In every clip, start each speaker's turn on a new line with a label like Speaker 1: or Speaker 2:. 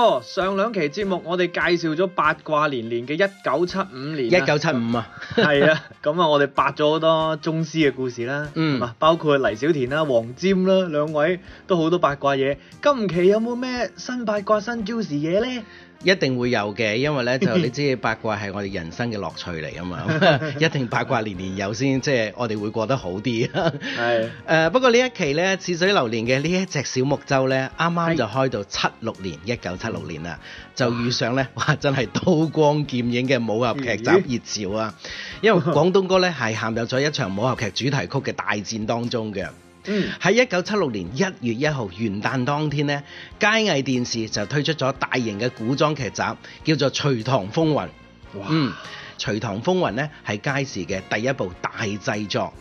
Speaker 1: 哦、上兩期節目我哋介紹咗八卦連連嘅一九七五年，年，年，一九七
Speaker 2: 五啊，係、 嗯、啊，
Speaker 1: 咁啊我哋八咗好多宗師嘅故事啦，嗯，包括黎小田啦、啊、黃沾啦，
Speaker 2: 兩位都好多八卦嘢。今期有冇咩新八卦、新 juice 嘢呢？一定會有嘅，因為呢就你知八卦係我哋人生嘅樂趣嚟啊嘛， 一定八卦年年有先，即係我哋會過得好啲。係 誒的、呃，不過呢一期呢《似水流年》嘅呢一隻小木舟呢，啱啱就開到七六年一九七六年啦，的就遇上呢哇真係刀光劍影嘅武俠劇集熱潮啊！ 因為廣東歌呢係陷入咗一場武俠劇主題曲嘅大戰當中嘅。喺一九七六年一月一號元旦當天呢，佳藝電視就推出咗大型嘅古裝劇集，叫做《隋唐風雲》。哇，嗯，《隋唐風雲》呢係佳視嘅第一部大製作。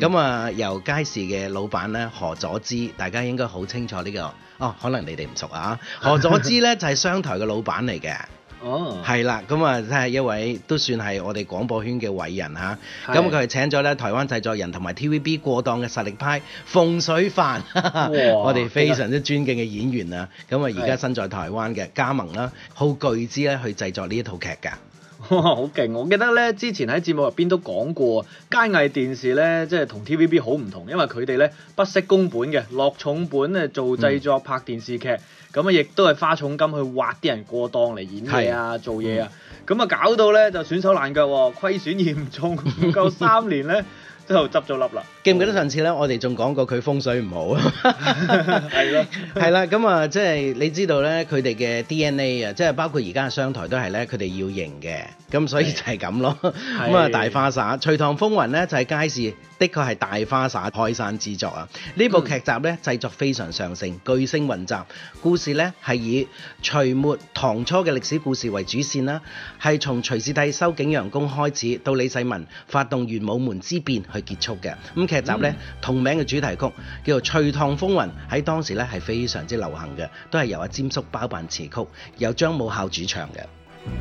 Speaker 2: 咁啊、嗯，由佳視嘅老闆咧何佐芝，大家應該好清楚呢、這個。哦，可能你哋唔熟啊。何佐芝呢就係、是、商台嘅老闆嚟嘅。哦，係啦、oh，咁啊真係一位都算係我哋廣播圈嘅偉人吓，咁佢係請咗咧台灣製作人同埋 TVB 過檔嘅實力派馮淬帆，哇 我哋非常之尊敬嘅演員啊，咁啊而家身在台灣嘅加盟啦，好巨資咧去製作呢一套劇噶，好勁！我記得咧之前喺節目入邊都
Speaker 1: 講過，佳藝電視咧即係同 TVB 好唔同，因為佢哋咧不惜工本嘅落重本咧做製作拍電視劇。嗯咁啊，亦都係花重金去挖啲人過檔
Speaker 2: 嚟演戲啊，
Speaker 1: 做嘢啊，咁啊搞到咧就損手爛腳，虧損嚴重，唔
Speaker 2: 夠三年咧 就執咗笠啦。記唔記得上次咧，我哋仲講過佢風水唔好啊？係 咯， 係啦，咁啊，即係你知道咧，佢哋嘅 DNA 啊，即係包括而家商台都係咧，佢哋要型嘅，咁所以就係咁咯。咁啊是， 大花灑《隋是唐風雲呢》咧就係、是、街市，的確係大花灑開山之作啊！呢部劇集咧製作非常上乘，巨星雲集，故事咧係以隋末唐初嘅歷史故事為主線啦，係從隋煬帝收景陽宮開始，到李世民發動玄武門之變去結束嘅咁。劇集咧同名嘅主題曲叫做《隋唐風雲》，喺當時咧係非常之流行嘅，都係由阿詹叔包辦詞曲，由張武孝主唱嘅。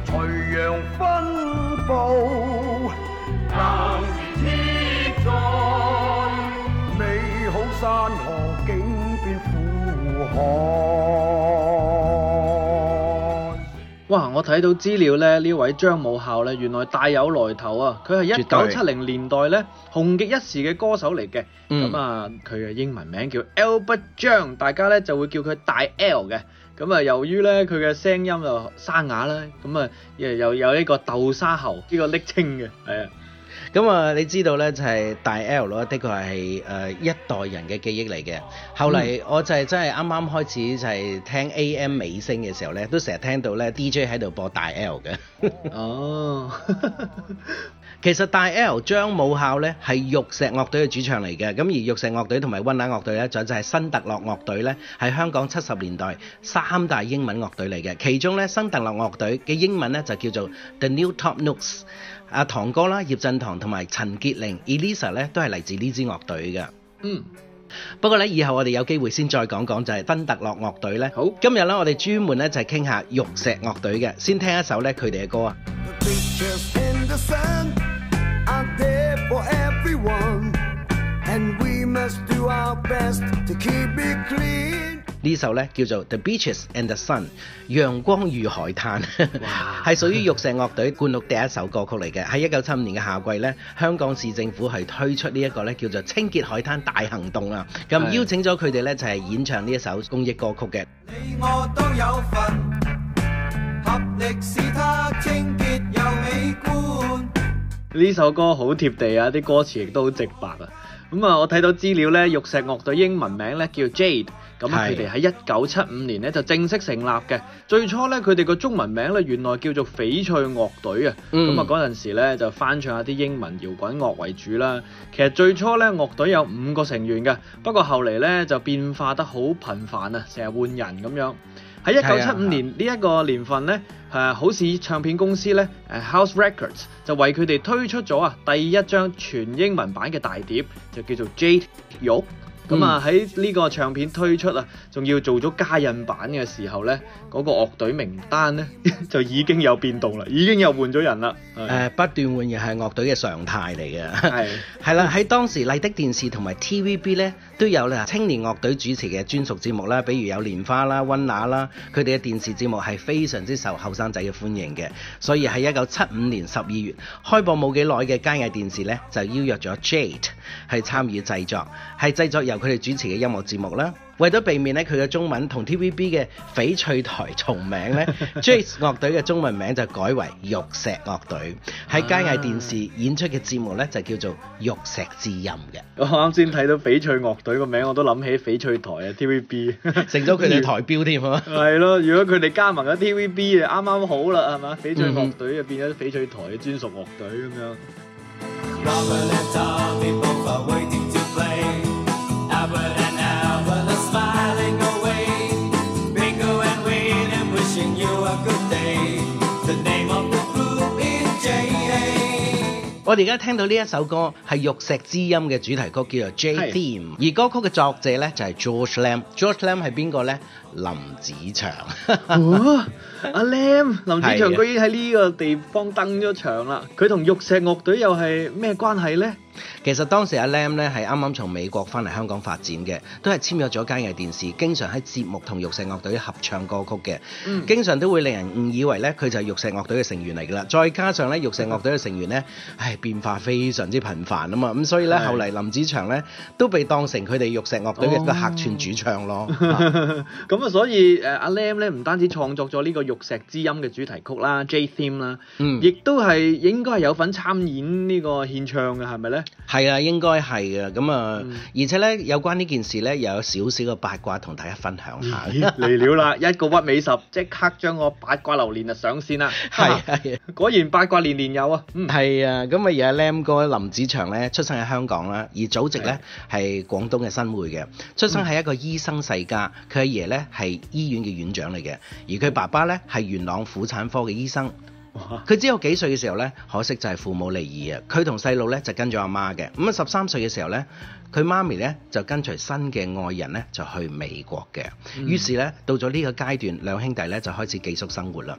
Speaker 2: 天
Speaker 3: 美好山河
Speaker 1: 哇！我睇到資料咧，呢位張武孝咧，原來大有來頭啊！佢係一九七零年代咧紅極一時嘅歌手嚟嘅。咁啊、嗯，佢嘅英文名叫 Albert John 大家咧就會叫佢大 AL 嘅。咁啊，由於咧佢嘅聲音又沙啞啦，咁啊，又有呢個豆沙喉呢、這個暱稱嘅，係啊。
Speaker 2: 咁啊，你知道咧就係大 L 咯，的確係誒一代人嘅記憶嚟嘅。後嚟我就係真係啱啱開始就係聽 AM 美聲嘅時候咧，都成日聽到咧 DJ 喺度播大 L 嘅。哦，其實大 L 張武孝咧係玉石樂隊嘅主唱嚟嘅。咁而玉石樂隊同埋溫拿樂隊咧，就就係新特樂樂隊咧，係香港七十年代三大英文樂隊嚟嘅。其中咧新特樂樂隊嘅英文咧就叫做 The New Top Notes。阿唐哥啦、葉振棠同埋陳潔玲、Elisa 咧都係嚟自呢支樂隊嘅。嗯，不過咧以後我哋有機會先再講講就係芬特樂樂隊咧。好，今日咧我哋專門咧就係傾下玉石樂隊嘅，先聽一首咧佢哋
Speaker 3: 嘅歌啊。
Speaker 2: 首呢首咧叫做《The Beaches and the Sun》，陽光與海灘，係 Wow, 屬於玉石樂隊灌錄第一首歌曲嚟嘅。喺一九七五年嘅夏季咧，香港市政府係推出呢一個咧叫做清潔海灘大行動啊，咁邀請咗佢哋咧就係、是、演唱呢一首公益歌曲嘅。你我都有份，
Speaker 3: 合力使它清潔又美觀。
Speaker 2: 呢 首歌好
Speaker 1: 貼地啊，啲歌詞亦都好直白啊。咁、嗯、啊，我睇到資料咧，玉石樂隊英文名咧叫 Jade。咁佢哋喺一九七五年咧就正式成立嘅。最初咧，佢哋個中文名咧原來叫做翡翠樂隊啊。咁啊、嗯，嗰陣時咧就翻唱下啲英文搖滾樂為主啦。其實最初咧樂隊有五個成員嘅，不過後嚟咧就變化得好頻繁啊，成日換人咁樣。喺一九七五年呢一個年份咧，誒、嗯啊、好似唱片公司咧，誒 House Records 就為佢哋推出咗啊第一張全英文版嘅大碟，就叫做 Jade 玉。O 咁啊喺呢個唱片推出啊，仲要做咗加印版嘅時候咧，嗰個樂隊名單咧
Speaker 2: 就已經有變動啦，已經又換咗人啦。誒，不斷換人係樂隊嘅常態嚟嘅。係係啦，喺當時麗的電視同埋 TVB 咧都有啦，青年樂隊主持嘅專屬節目啦，比如有蓮花啦、溫拿啦，佢哋嘅電視節目係非常之受後生仔嘅歡迎嘅。所以喺一九七五年十二月開播冇幾耐嘅佳藝電視咧，就邀約咗 Jade 係參與製作，係製作由。佢哋主持嘅音樂節目啦，為咗避免呢，佢嘅中文同 TVB 嘅翡翠台重名呢 Jade 樂隊嘅中文名就改為玉石樂隊，喺佳藝電視演出嘅節目呢，就叫做玉石之音嘅。
Speaker 1: 我啱先睇到翡翠樂隊個名，我都諗起翡翠台啊 TVB， 成咗佢哋台標添啊！係 咯， 如果佢哋加盟咗 TVB 就啱啱好啦，係嘛？翡翠樂隊就變咗翡翠台嘅專屬樂隊
Speaker 3: 咁樣。
Speaker 2: 我哋而家聽到呢一首歌係《玉石之音》嘅主題曲，叫做《Jade Theme》，而歌曲嘅作者咧就係、是、Ge George Lam。b George Lam 係邊個呢？林子祥、
Speaker 3: 哦，阿、啊、Lam
Speaker 1: 林子祥居然喺呢個地方
Speaker 2: 登咗場啦！佢同的玉石樂隊又係咩關係呢？其實當時阿、啊、Lam 咧係啱啱從美國翻嚟香港發展嘅，都係簽約咗佳藝電視，經常喺節目同玉石樂隊合唱歌曲嘅，嗯，經常都會令人誤以為咧佢就係玉石樂隊嘅成員嚟噶啦。再加上咧玉石樂隊嘅成員咧，唉變化非常之頻繁啊嘛，咁所以咧的後嚟林子祥咧都被當成佢哋玉石樂隊嘅客串主唱咯，咁。 咁所以誒阿 Lam 咧，唔、啊、單止創作咗呢個《玉石之音》
Speaker 1: 嘅主題曲啦，Jade Theme 啦，嗯，亦都係應該係有份參演呢個獻唱
Speaker 2: 嘅，係咪咧？係啊，應該係嘅。咁啊，而且咧有關呢件事咧，又有少少嘅八卦同大家分享下。嚟料、嗯、啦， 一個屈美十即刻將個八卦流
Speaker 1: 年啊上線啦。係、啊、係，啊
Speaker 2: 啊、果然八卦年年有啊。係啊，咁啊，而阿 Lam 哥林子祥咧，出生喺香港啦，而祖籍咧係廣東嘅新會嘅，出生喺一個醫生世家，佢阿爺咧。 係醫院嘅院長嚟嘅，而佢爸爸呢係元朗婦產科嘅醫生。佢只有幾歲嘅時候呢，可惜就係父母離異啊。佢同細佬呢就跟咗阿媽嘅。咁啊，十三歲嘅時候呢，佢媽咪呢就跟隨新嘅愛人呢就去美國嘅。於、嗯、是呢，到咗呢個階段，兩兄弟呢就開始寄宿生活啦。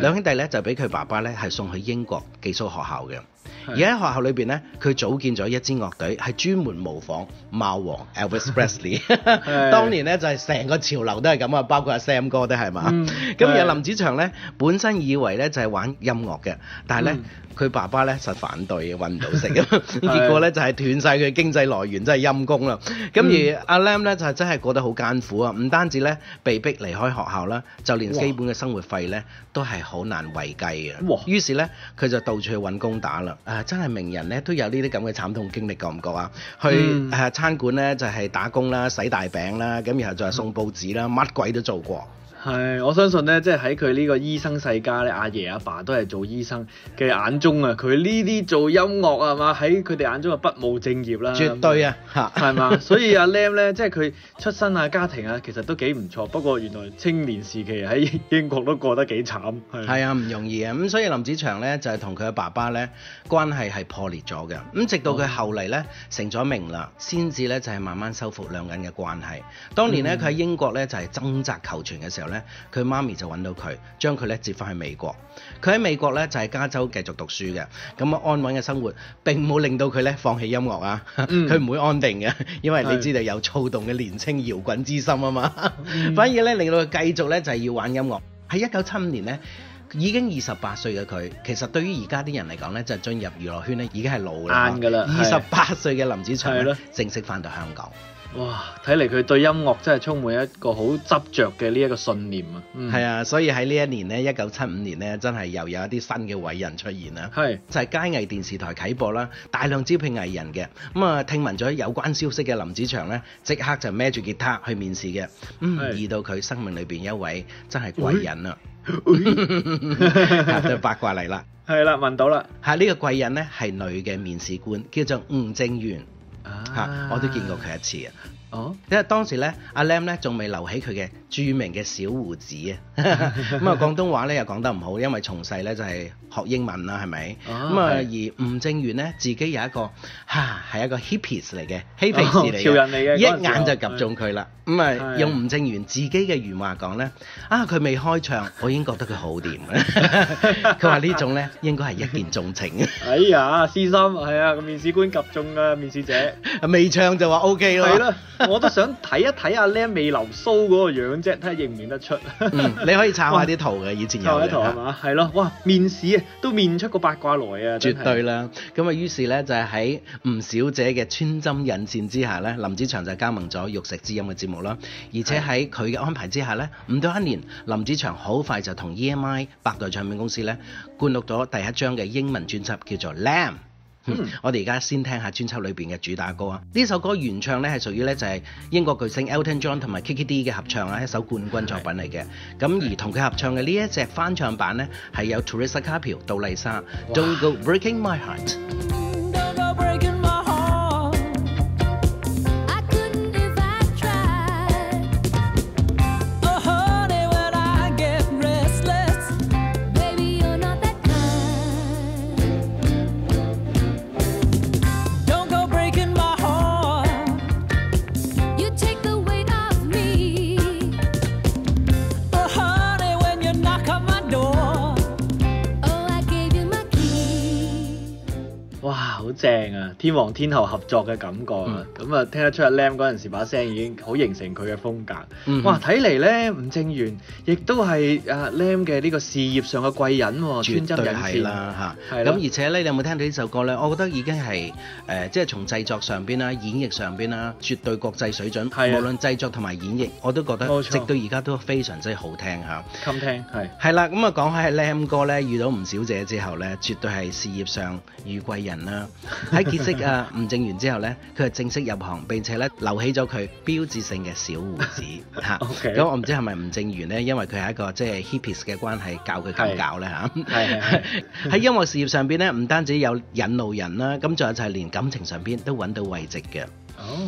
Speaker 2: 兩的兄弟呢就俾佢爸爸呢係送去英國寄宿學校嘅。而喺學校裏邊呢，佢組建咗一支樂隊，係專門模仿貓王 Elvis Presley。 當年呢，就係成個潮流都係咁啊，包括阿 Sam 哥都係嘛。咁、嗯、而林子祥呢，本身以為呢就係玩音樂嘅，但係呢。嗯佢爸爸咧就反對，揾唔到食， 結果咧呢是的 就係斷晒佢經濟來源，真係陰公啦。咁、嗯、而阿 Lam 咧就真係過得好艱苦啊！唔單止咧被逼離開學校啦，就連基本嘅生活費咧都係好難維計嘅。哇 於是咧佢就到處去揾工打啦。誒、啊，真係名人咧都有呢啲咁嘅慘痛經歷覺，覺唔覺啊？去誒餐館咧就係、是、打工啦、洗大餅啦，咁然後再送報紙啦，乜鬼、嗯、都做過。
Speaker 1: 係，我相信咧，即係喺佢呢個醫生世家咧，阿爺阿爸都係做醫生嘅眼中啊，佢呢啲做音樂啊嘛，喺佢哋眼中啊不務正業啦。絕對啊，吓
Speaker 2: 係嘛？所以阿
Speaker 1: Lam 咧，即係佢出身啊家庭啊，其實都幾唔錯。不過原來
Speaker 2: 青年時期喺英國都過得幾慘，係啊，唔容易啊。咁所以林子祥咧就係同佢嘅爸爸咧關係係破裂咗嘅。咁直到佢後嚟咧成咗名啦，先至咧就係、是、慢慢修復兩人嘅關係。當年咧佢喺英國咧就係、是、掙扎求存嘅時候。佢媽咪就揾到佢，將佢咧接翻去美國。佢喺美國咧就喺加州繼續讀書嘅，咁啊安穩嘅生活並冇令到佢咧放棄音樂啊。佢唔、嗯、會安定嘅，因為你知道有躁動嘅年輕搖滾之心啊嘛。嗯、反而咧令到佢繼續咧就係要玩音樂。喺一九七五年呢，已經二十八歲嘅佢，其實對於而家啲人嚟講呢，就係進入娛樂圈呢，已經係老硬啦。二十八歲嘅林子祥正式翻到香港。哇！睇嚟佢對音
Speaker 1: 樂真係充滿一個好執着嘅呢一個信念啊！
Speaker 2: 係、嗯、啊，所以喺呢一年呢一九七五年呢，真係又有一啲新嘅偉人出現啦。係是就係佳藝電視台啟播啦，大量招聘藝人嘅。咁、嗯、啊，聽聞咗有關消息嘅林子祥呢，即刻就孭住吉他去面試嘅，遇是、嗯、到佢生命裏邊一位真係貴人啊！就八卦嚟啦，係啦、 嗯，問到啦，吓呢、啊這個貴人呢，係女嘅面試官，叫做吳正元。Ah, 我都見過佢一次啊，oh? 因為當時咧，阿 Lam 咧仲未留起佢嘅著名嘅小鬍子啊。咁啊，廣東話咧又講得唔好，因為從細咧就係學英文啦，係咪？咁啊，而吳正元咧自己有一個嚇，係一個 hippies 嚟嘅 hippies 嚟嘅，一眼就及中佢啦。咁啊，用吳正元自己嘅原話講咧，啊，佢未開唱，我已經覺得佢好掂。佢話呢種咧應該係一見鍾情。
Speaker 1: 哎呀，私心係啊，個面試官及中嘅面試者，未唱就話 OK 咯。係咯，我都想睇一睇阿 Lam 未留須嗰個樣啫，睇下認唔認得出。你可
Speaker 2: 以查下啲圖嘅，以前有啲啦。查圖係
Speaker 1: 嘛？係咯的，哇！面試啊，都面出個八卦來啊！絕對啦。
Speaker 2: 咁啊，於是咧就係喺吳小姐嘅穿針引線之下咧，林子祥就加盟咗玉石之音嘅節目啦。而且喺佢嘅安排之下咧，唔到一年，林子祥好快就同 EMI 百代唱片公司咧灌錄咗第一張嘅英文專輯，叫做《Lam》。b 嗯、我哋而家先聽下專輯裏邊嘅主打歌啊！呢首歌原唱咧係屬於咧就係英國巨星 Elton John 同埋 Kiki Dee 嘅合唱啊，一首冠軍作品嚟嘅。咁 而同佢合唱嘅呢一隻翻唱版咧，係有 Teresa Carpio 杜麗莎。Don't go breaking my heart。
Speaker 1: 好正啊！天王天后合作嘅感覺啊，咁啊聽得出阿 Lam 嗰陣時把聲已經好形成佢嘅風格。哇！睇嚟咧，吳正元亦都係誒 Lam 嘅呢個事業
Speaker 2: 上嘅貴人
Speaker 3: 喎，穿針引線啦
Speaker 2: 嚇。係啦，咁而且咧，你有冇聽到呢首歌咧？我覺得已經係誒，即係從製作上邊啦、演繹上邊啦，絕對國際水準。係啊，無論製作同埋演繹，我都覺得直到而家都非常之好聽吓，襟聽係係啦，咁啊講起阿 Lam 哥咧，遇到吳小姐之後咧，絕對係事業上遇貴人啦。喺 結識阿吳正元之後呢，佢係正式入行，並且呢留起咗佢標誌性嘅小鬍子吓。咁 Okay.、嗯、我唔知係咪吳正元呢？因為佢係一個即係 hippies 嘅關係教佢咁搞呢吓。係喺 音樂事業上邊呢，唔單止有引路人啦，咁仲有就係連感情上邊都揾到慰藉嘅。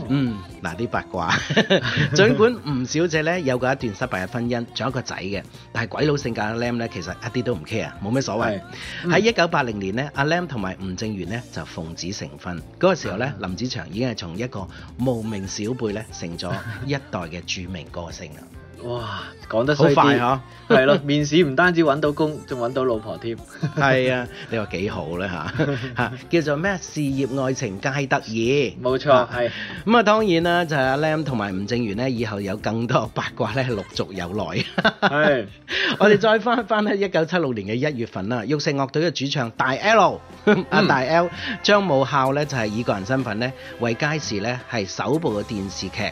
Speaker 2: 嗯，嗱啲八卦，盡 管吳小姐咧有過一段失敗嘅婚姻，仲有一個仔嘅，但係鬼佬性格嘅 Lam 咧，其實一啲都唔 care 啊，冇咩所謂。喺一九八零年呢，阿 Lam 同埋吳正元呢，就奉子成婚。嗰、那個時候呢，的林子祥已經係從一個無名小輩咧，成咗一代嘅著名歌星啦。
Speaker 1: 哇，講得好快嗬！係、啊、咯， 面試唔單止揾到工，仲揾到老婆添。
Speaker 2: 係 啊，你話幾好呢？嚇嚇，叫做咩？事業愛情皆得意。冇錯，係。咁啊，是嗯、當然啦，就係、是、阿、啊、Lam 同埋吳正元呢。以後有更多八卦咧，陸續有來。係，我哋再翻一翻咧，一九七六年嘅一月份啦，玉石樂隊嘅主唱大 AL，阿、啊、大 AL、嗯、張武孝呢，就係以個人身份呢，為佳視呢，係首部嘅電視劇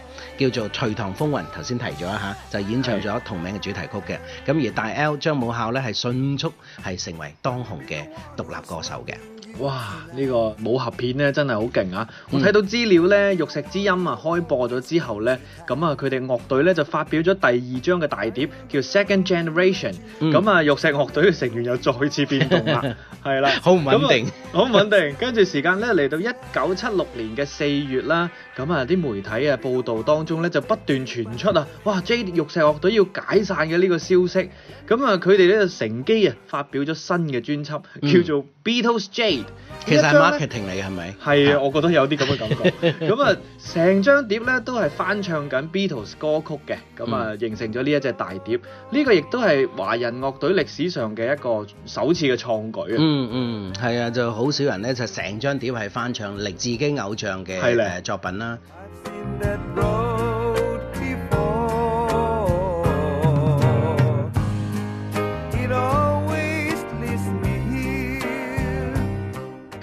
Speaker 2: 叫做《隋唐風雲》，頭先提咗一下。一下演唱咗同名嘅主題曲嘅，咁而大 AL 張武孝咧，係迅速係成為當紅嘅獨立歌手嘅。
Speaker 3: 哇！
Speaker 1: 呢、這個武俠片咧真係好勁啊！嗯、我睇到資料咧，玉石之音啊，開播咗之後咧，咁啊佢哋樂隊咧就發表咗第二張嘅大碟，叫 Second Generation、嗯。咁啊，玉石樂隊嘅成員又再次變動 啦，係啦，好唔穩定，好唔、嗯、 穩定。跟住時間咧嚟到一九七六年嘅四月啦，咁啊啲媒體啊報導當中咧就不斷傳出啊，哇！Jade 玉石樂隊要解散嘅呢個消息。咁啊佢哋咧就乘機啊發表咗新嘅專輯，叫做 Beatles J。其實係 marketing
Speaker 2: 嚟嘅係咪？係啊，我覺
Speaker 1: 得有啲咁嘅感覺。咁啊， 成張碟咧都係翻唱緊 Beatles 歌曲嘅，咁啊、嗯、形成咗呢一隻大碟。呢、呢個亦都係華人樂隊歷史上嘅一個首次嘅創舉啊、嗯！嗯
Speaker 2: 嗯，係啊，就好少人咧就成張碟係翻唱令自己偶像嘅作品啦。的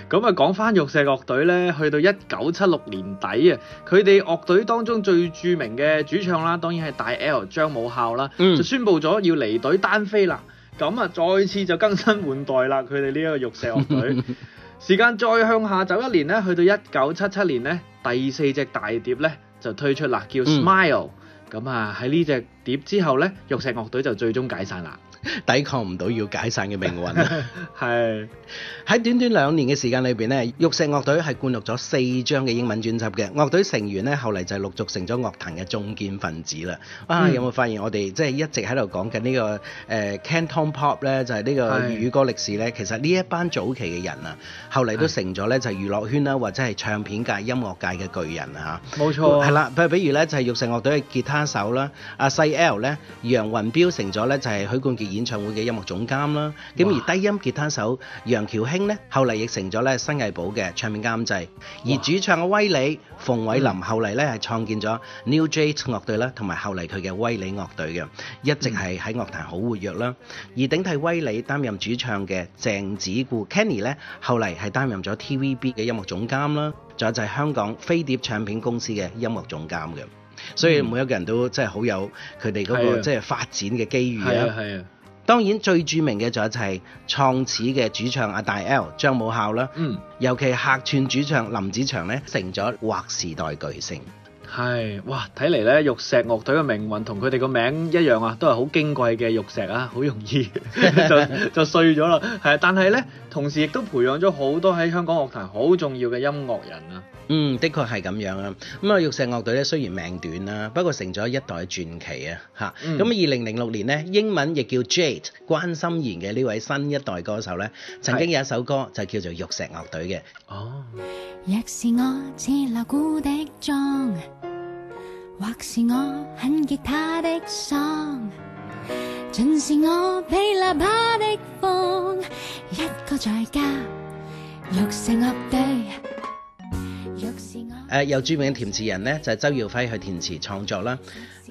Speaker 1: 咁啊，講翻玉石樂隊咧，去到一九七六年底啊，佢哋樂隊當中最著名嘅主唱啦，當然係大 AL 張武孝啦，嗯、就宣布咗要離隊單飛啦。咁啊，再次就更新換代啦，佢哋呢一個玉石樂隊。 時間再向下走一年咧，去到一九七七年咧，第四隻大碟咧就推出啦，叫《Smile》，嗯。咁啊，喺呢隻
Speaker 2: 碟之後咧，玉石樂隊就最終解散啦。抵抗唔到要解散嘅命運。係喺 是短短兩年嘅時間裏邊咧，玉石樂隊係灌錄咗四張嘅英文專輯嘅。樂隊成員咧，後嚟就係陸續成咗樂壇嘅中堅分子啦。嗯、啊，有冇發現我哋即係一直喺度講緊呢個誒、呃、Canton Pop 咧，就係、是、呢個粵語歌歷史咧？是其實呢一班早期嘅人啊，後嚟都成咗咧就係娛樂圈啦，或者係唱片界、音樂界嘅巨人啊！冇錯，係啦、嗯，譬如咧就係玉石樂隊嘅吉他手啦，阿、啊、細 L 咧，楊雲標成咗咧就係許冠傑，演唱會嘅音樂總監啦，咁而低音吉他手楊喬興呢，後嚟亦成咗咧新藝寶嘅唱片監製，而主唱嘅威里，馮偉林後嚟咧係創建咗 New J 樂隊啦，同埋後嚟佢嘅威里樂隊嘅，一直係喺樂壇好活躍啦。而頂替威里擔任主唱嘅鄭子固 Kenny 咧，後嚟係擔任咗 TVB 嘅音樂總監啦，仲有就係香港飛碟唱片公司嘅音樂總監嘅，所以每一個人都真係好有佢哋嗰個即係發展嘅機遇啊。係啊。當然最著名嘅就係創始嘅主唱阿大 L 張武孝啦，嗯、尤其客串主唱林子祥呢，成咗劃時代巨星。
Speaker 1: 係，哇！睇嚟咧，玉石樂隊嘅命運同佢哋個名一樣啊，都係好矜貴嘅玉石啊，好
Speaker 2: 容易就
Speaker 1: 就，就碎咗啦。係，但係咧，同時亦都培養咗好多喺香港樂壇好重要嘅音
Speaker 2: 樂人啊。嗯，的確係咁樣啊。咁、嗯、啊，玉石樂隊咧雖然命短啦，啊，不過成咗一代傳奇啊。嚇、嗯，咁二零零六年呢，英文亦叫 Jade 關心妍嘅呢位新一代歌手咧，曾經有一首歌就叫做《玉石樂隊》嘅是。哦。
Speaker 3: 若是我似流古的鐘。 或是我很吉他啲爽，盡是我噼喇啪的風，一個在家，玉石樂隊。是
Speaker 2: 我誒，有著名嘅填詞人呢，就係周耀輝去填詞創作啦。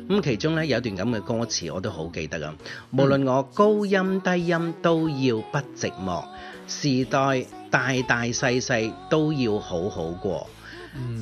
Speaker 2: 咁其中呢，有一段咁嘅歌詞，我都好記得啊。無論我高音低音都要不寂寞，時代大大細細都要好好過。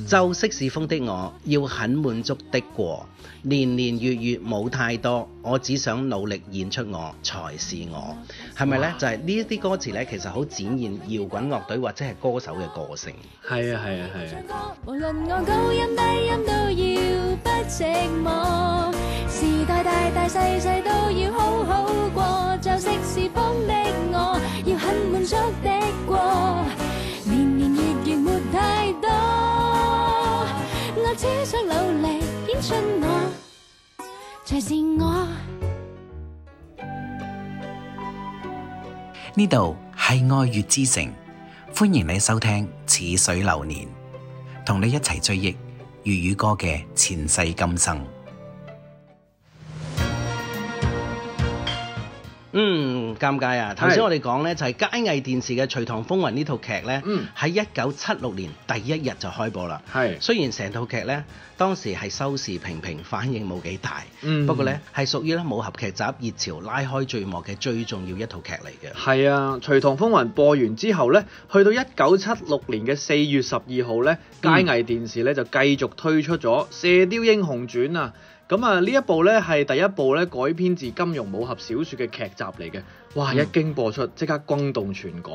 Speaker 2: 就式是風的，我要很滿足的過，年年月月冇太多，我只想努力演出我才是我，係咪呢？就係呢一啲歌詞呢，其實好展現搖滾樂隊或者係歌手嘅個性。係啊係啊係啊。
Speaker 3: 無論我高音低音都要不寂寞，時代大大細細都要好好過，就識時風的我要很滿足的努力，演出我才是我。
Speaker 2: 呢度係愛粵之城，歡迎你收聽《似水流年》，同你一齊追憶粵語歌嘅前世今生。嗯，尷尬啊！頭先我哋講呢，就係佳藝電視嘅《隋唐風雲》呢套劇咧，喺一九七六年第一日就開播啦。係，雖然成套劇呢，當時係收視平平，反應冇幾大。嗯，不過呢，係屬於咧武俠劇集熱潮拉開序幕嘅最重要一套劇嚟
Speaker 1: 嘅。係啊，《隋唐風雲》播完之後呢，去到一九七六年嘅四月十二號呢，佳藝電視呢就繼續推出咗《射雕英雄傳》啊。咁啊，呢一部呢係第一部呢改編自金庸武俠小說嘅劇集嚟嘅，哇！一經播出即刻轟動全港。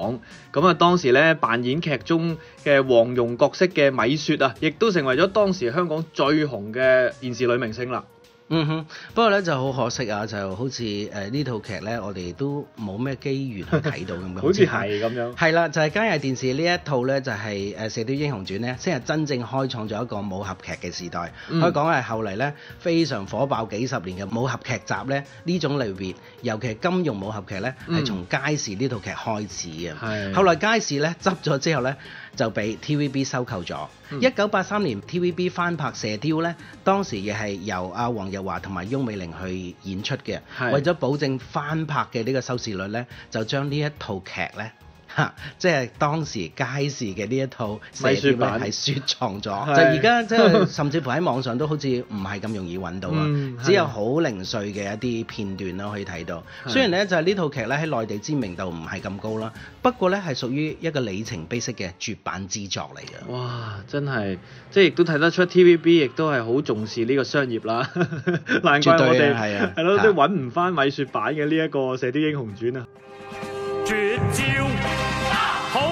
Speaker 1: 咁、嗯、啊、嗯，當時呢扮演劇中嘅黃蓉角色嘅米雪啊，亦都成為咗當時香港最紅嘅電視女明星啦。
Speaker 2: 嗯哼，不過咧就好可惜啊，就好似誒呢套劇呢，我哋都冇咩機緣去睇到咁樣。 好似係咁樣。係啦、啊，就係、是、街日電視呢一套呢，就係、是、誒《射雕英雄傳》呢，先係真正開創咗一個武俠劇嘅時代。嗯、可以講係後嚟呢，非常火爆幾十年嘅武俠劇集呢，呢種類別，尤其係金庸武俠劇呢，係、嗯、從《佳視》呢套劇開始嘅。嗯、後來《佳視》呢執咗之後呢。就俾 TVB 收購咗。一九八三年 TVB 翻拍《射雕》呢，當時亦係由阿黃日華同埋翁美玲去演出嘅。是為咗保證翻拍嘅呢個收視率呢，就將呢一套劇呢。 即係當時街市嘅呢一套《米雪版》係雪藏咗，就而家即係甚至乎喺網上都好似唔係咁容易揾到啊！ 嗯、只有好零碎嘅一啲片段咯，可以睇到。的雖然呢就係、是、呢套劇呢喺內地知名度唔係咁高啦，不過呢係屬於一個里程碑式嘅絕版之作嚟嘅。哇！真係，即係亦都睇得出 TVB 亦都係好重視呢個商業啦。
Speaker 1: 難怪我哋係咯都揾唔翻《米雪版》嘅呢一個《射雕英雄傳》啊！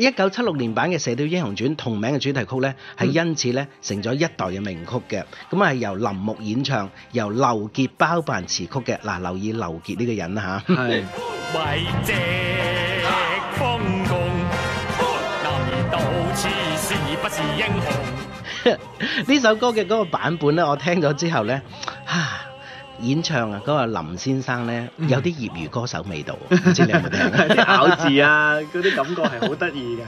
Speaker 2: 一九七六年版嘅《射雕英雄傳》同名嘅主題曲咧，係因此咧成咗一代嘅名曲嘅。咁啊，係由林穆演唱，由劉杰包辦詞曲嘅。嗱，留意劉杰呢個人啦吓。
Speaker 1: 係。為借風共，男兒刀痴是，不是英雄。
Speaker 2: 呢首歌嘅嗰個版本咧，我聽咗之後咧，啊！演唱啊，嗰個林先生咧有啲業餘歌手味道，唔知你有冇聽？啲咬字啊，
Speaker 1: 嗰啲感覺係好得意
Speaker 2: 嘅。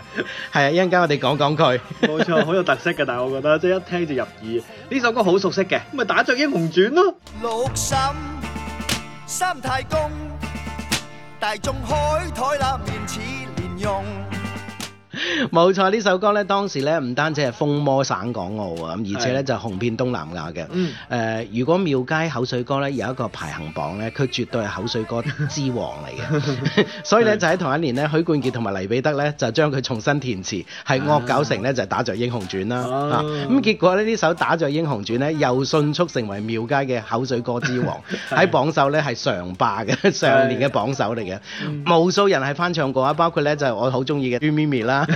Speaker 2: 係啊，一陣間我哋講講佢，冇錯，好有特色嘅。但係我覺
Speaker 1: 得即係一聽就入耳。呢首歌好熟悉嘅，咪打著《英雄傳》咯。
Speaker 3: 六嬸三太公，大眾開枱喇面似蓮蓉。
Speaker 2: 冇錯，呢首歌咧當時咧唔單止係風魔省港澳啊，而且咧就紅遍東南亞嘅。誒、呃，如果廟街口水歌咧有一個排行榜咧，佢絕對係口水歌之王嚟嘅。 所以呢，就喺同一年咧，許冠傑同埋黎彼得呢，就將佢重新填詞，係惡搞成呢，就打雀英雄傳啦。咁、啊、結果呢，呢首打雀英雄傳呢，又迅速成為廟街嘅口水歌之王，喺榜首呢，係常霸嘅上年嘅榜首嚟嘅，無數人係翻唱過啊，包括呢，就我好中意嘅朱咪咪啦。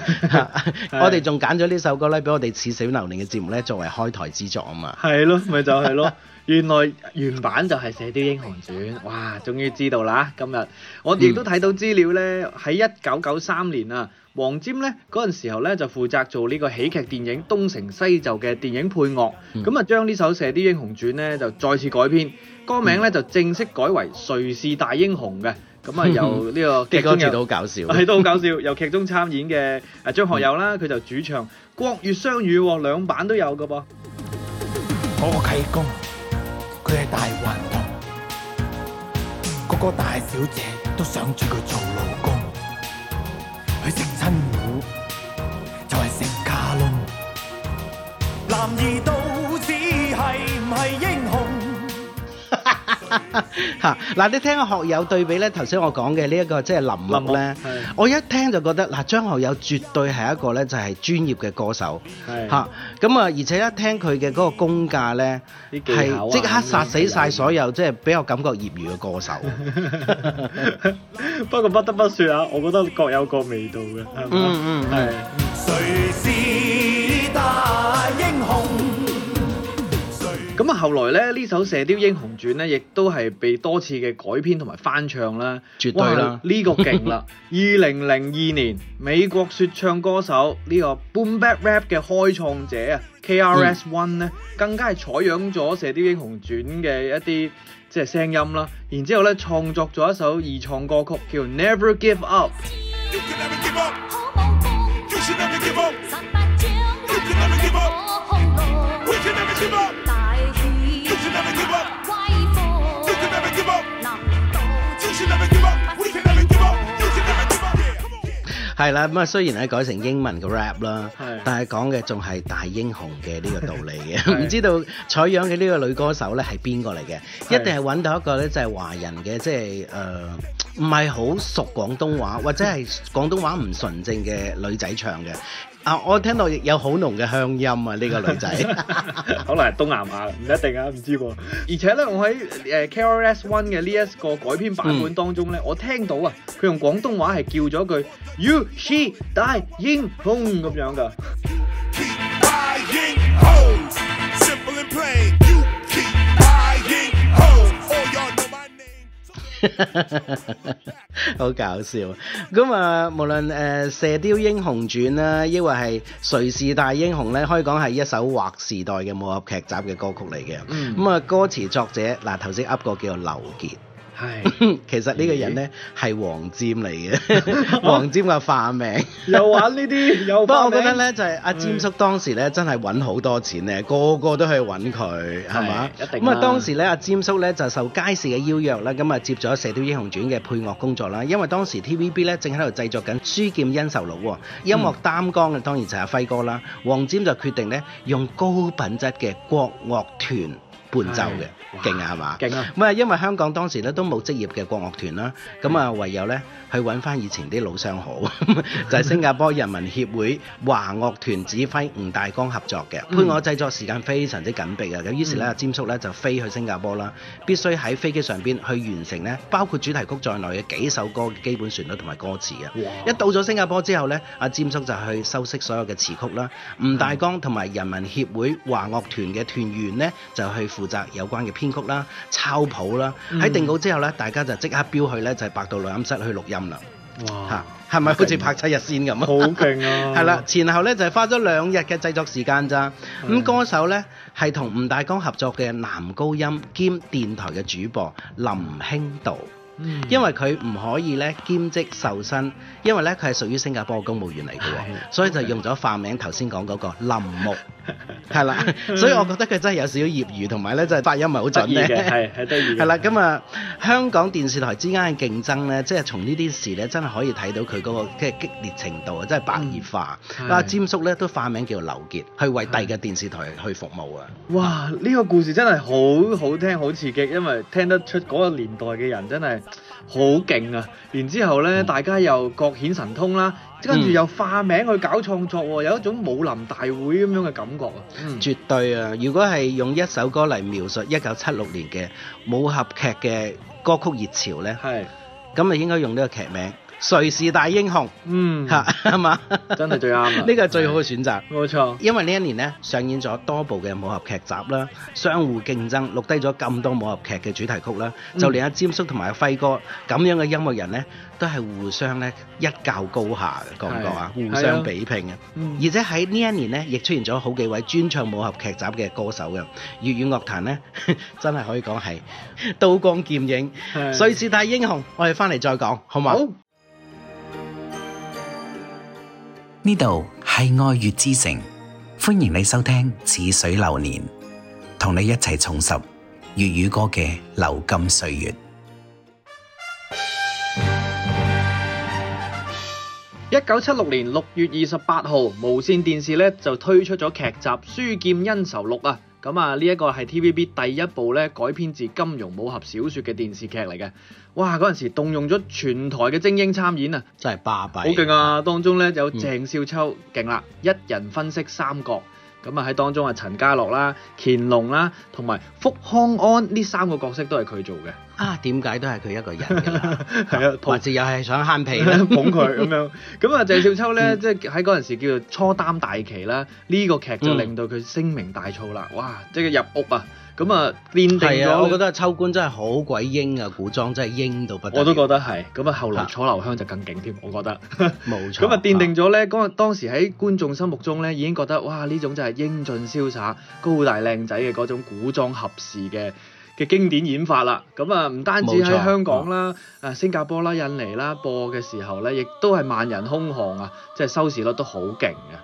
Speaker 2: 我哋仲揀咗呢首歌咧，俾我哋似水流年嘅節目咧，作為開台之作啊嘛。係咯，咪就係咯，原來原版就係射雕
Speaker 1: 英雄傳。哇，終於知道啦！今日我哋亦都睇到資料咧，喺一九九三年啊，黃霑咧嗰陣時候咧就負責做呢個喜劇電影《東成西就》嘅電影配樂，咁啊將呢首《射雕英雄傳》咧就再次改編，歌名咧就正式改為《誰是大英雄》嘅。咁啊，由呢個劇中都好搞笑有，係都好搞笑。由劇中參演嘅誒張學友啦，佢 就主唱《國粵雙語》，兩版都有嘅噃。 我個契公，佢係大頑童，個個大小姐都想住佢做老公，佢成親舞就係成架窿。男兒都。
Speaker 2: 吓嗱， 你聽個學友對比咧，頭先我講嘅、這個就是、呢一個即係林穆咧，我一聽就覺得嗱，張學友絕對係一個咧就係、是、專業嘅歌手，吓咁啊，而且一聽佢嘅嗰個功架咧，係即刻殺死晒所有，有即係俾我感覺業餘嘅歌手。
Speaker 1: 不過不得不說啊，我覺得各有各味道
Speaker 3: 嘅，嗯嗯係。Uh, 是
Speaker 1: 咁啊，後來咧，呢首《射雕英雄傳》咧，亦都係被多次嘅改編同埋翻唱啦。絕對啦哇，呢、啊、個勁啦！二零零二年，美國說唱歌手呢、呢個 boom bap rap 嘅開創者啊，K R S One 咧，嗯、更加係採樣咗《射雕英雄傳》嘅一啲即係聲音啦，然之後咧創作咗一首二創歌曲叫《Never Give Up》。
Speaker 2: 係啦，咁啊雖然咧改成英文嘅 rap 啦的，但係講嘅仲係大英雄嘅呢個道理嘅。唔 的知道採樣嘅呢個女歌手咧係邊個嚟嘅？的一定係揾到一個咧就係、是、華人嘅，即係誒唔係好熟廣東話或者係廣東話唔純正嘅女仔唱嘅。啊！我聽到有好濃嘅鄉音啊樂，呢個女仔可
Speaker 1: 能係東南亞，唔一定啊，唔知
Speaker 2: 喎。 而且咧，我喺誒 KRS
Speaker 1: One 嘅呢一個改編版本當中咧，嗯、我聽到啊，佢用廣東話係叫咗句 You she die ying hong 咁樣噶。
Speaker 2: 好搞笑，啊。咁啊，無論誒、呃《射雕英雄傳》啦，抑或係《誰是大英雄》呢，可以講係一首劃時代嘅武俠劇集嘅歌曲嚟嘅。咁啊、嗯，歌詞作者嗱，頭先噏過叫做劉杰。係， 其實呢個人呢，係黃霑嚟嘅，黃霑嘅化名。又玩呢啲。不過我覺得呢，就係阿霑叔當時呢，真係揾好多錢呢，個個都去揾佢，係嘛是？吧一定。咁啊、嗯，當時呢阿霑叔呢，就受佳視嘅邀約啦，咁、嗯、啊接咗《射雕英雄傳》嘅配樂工作啦。因為當時 TVB 呢，正喺度製作緊《書劍恩仇錄》喎，音樂擔綱嘅當然就係阿輝哥啦。黃霑就決定呢，用高品質嘅國樂團伴奏嘅。勁啊，係嘛？勁啊！唔係，因為香港當時咧都冇職業嘅國樂團啦，咁啊唯有咧去揾翻以前啲老相好， 就係新加坡人民協會華樂團指揮吳大江合作嘅。配樂製作時間非常之緊迫啊！咁於是咧阿詹叔咧就飛去新加坡啦，必須喺飛機上邊去完成咧，包括主題曲在內嘅幾首歌嘅基本旋律同埋歌詞嘅。哇一到咗新加坡之後咧，阿詹叔就去修飾所有嘅詞曲啦。吳大江同埋人民協會華樂團嘅團員咧就去負責有關嘅。編曲啦、抄譜啦，喺、嗯、定稿之後呢，大家就即刻標去呢，就係百度錄音室去錄音啦。哇！嚇、啊，係咪好似拍七日線咁啊？好勁啊！係啦，前後呢就係、是、花咗兩日嘅製作時間咋。咁的歌手呢，係同吳大江合作嘅男高音兼電台嘅主播林興道。因為佢唔可以咧兼職受薪，因為咧佢係屬於新加坡嘅公務員嚟嘅喎，的所以就用咗化名頭先講嗰個林木，係啦， 所以我覺得佢真係有少少業餘，同埋咧就係發音唔係好準嘅，係係得意係啦，咁啊、 嗯、香港電視台之間嘅競爭咧，即係從呢啲事咧真係可以睇到佢嗰個即係激烈程度啊，真係白熱化。阿詹的叔咧都化名叫劉傑，去為第二嘅電視台去服務啊！
Speaker 1: 的哇，呢、這個故事真係好好聽，好刺激，因為聽得出嗰個年代嘅人真係。好勁啊！然之後咧，嗯、大家又各顯神通啦，跟住又化名去搞創作喎，哦，有一種武林大會咁樣嘅感覺啊！
Speaker 2: 嗯、絕對啊！如果係用一首歌嚟描述一九七六年嘅武俠劇嘅歌曲熱潮咧，咁咪係應該用呢個劇名。誰是大英雄？嗯，吓，係嘛，真係最啱，呢個係最好嘅選擇，冇錯。因為呢一年咧，上演咗多部嘅武俠劇集啦，相互競爭，錄低咗咁多武俠劇嘅主題曲啦，就連阿詹叔同埋阿輝哥咁樣嘅音樂人呢，都係互相咧一較高下，覺唔覺啊？互相比拼啊！而且喺呢一年呢，亦出現咗好幾位專唱武俠劇集嘅歌手嘅粵語樂壇呢，真係可以講係刀光劍影。誰是大英雄？我哋翻嚟再講，好唔好？呢度係愛粵之城，歡迎你收聽《似水流年》，同你一齊重拾粵語歌嘅流金歲月。
Speaker 1: 一九七六年六月二十八號，無線電視咧就推出咗劇集《書劍恩仇錄》啊！咁啊，呢一個係 TVB 第一部咧改編自金庸武俠小說嘅電視劇嚟嘅，哇！嗰陣時動用咗全台嘅精英參演啊，真係巴閉，好勁啊！當中咧有鄭少秋，勁啦，一人分飾三角。咁啊，喺當中啊，陳家洛啦、乾隆啦同埋福康安，呢三個角色都係佢做嘅。啊點解都係佢一個人嘅？係啊，同時又係想慳皮啦，捧佢咁這樣。咁啊鄭少秋咧，嗯、即係喺嗰陣時叫做初擔大旗啦，呢、呢個劇就令到佢聲名大噪啦。嗯、哇！即係入屋啊！咁啊，奠定咗。係啊，我覺
Speaker 2: 得秋官真係好鬼英啊，古裝真係英到不得了。我都覺得係。咁啊，後來楚留香就更勁添，我覺得。冇 錯。咁
Speaker 1: 啊，奠定咗咧，嗰個當時喺觀眾心目中咧，已經覺得哇，呢種真係英俊瀟灑、高大靚仔嘅嗰種古裝俠士嘅嘅經典演法啦。咁錯啊，唔單止喺香港啦、啊新加坡啦、印尼啦播嘅時候咧，亦都係萬人空巷啊，即係收視率都好勁啊！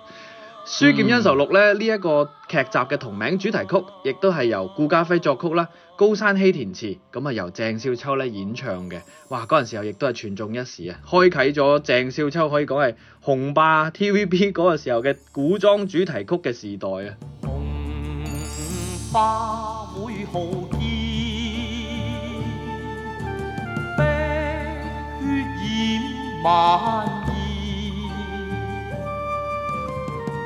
Speaker 1: 《書劍恩仇錄》咧呢一、這個劇集嘅同名主題曲，亦都係由顧嘉輝作曲啦，高山希填詞，咁啊由鄭少秋演唱嘅，哇嗰陣時候亦都係傳頌一時啊，開啟咗鄭少秋可以講係紅霸 TVB 嗰個時候嘅古裝主題曲嘅時代
Speaker 3: 啊。紅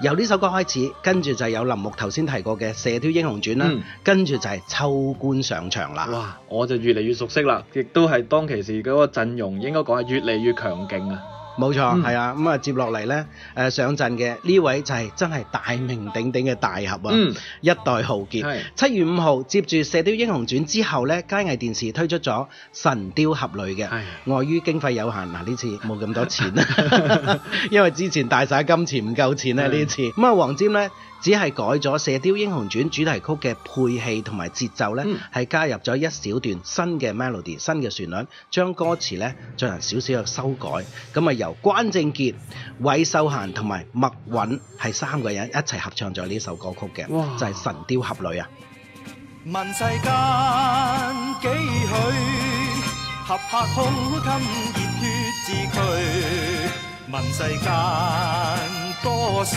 Speaker 2: 由呢首歌開始，跟住就有林穆頭先提過嘅《射雕英雄傳》啦，跟住、嗯、就係秋官上場啦。
Speaker 1: 哇！我就越嚟越熟悉啦，亦都係當其時嗰個陣容應該講係越嚟越強勁啊。
Speaker 2: 冇錯，係啊、嗯，咁啊、嗯、接落嚟咧，誒、呃、上陣嘅呢位就係真係大名鼎鼎嘅大俠啊，嗯、一代豪傑。七月五號接住《射雕英雄傳》之後咧，佳藝電視推出咗《神雕俠侶》嘅。礙唉於經費有限，嗱、啊、呢次冇咁多錢、啊， 因為之前大灑金錢唔夠錢咧、啊、呢、嗯、次。咁啊黃霑咧。只係改咗《射鵰英雄傳》主題曲嘅配器同埋節奏呢係、嗯、加入咗一小段新嘅 melody、新嘅旋律，將歌詞呢進行少少嘅修改。咁啊，由關正傑、韋秀嫻同埋麥韻係三個人一齊合唱咗呢首歌曲嘅，哇 就係、是《神鵰俠侶》啊。
Speaker 3: 問世間幾許合拍空襟熱血自軀，問世間多少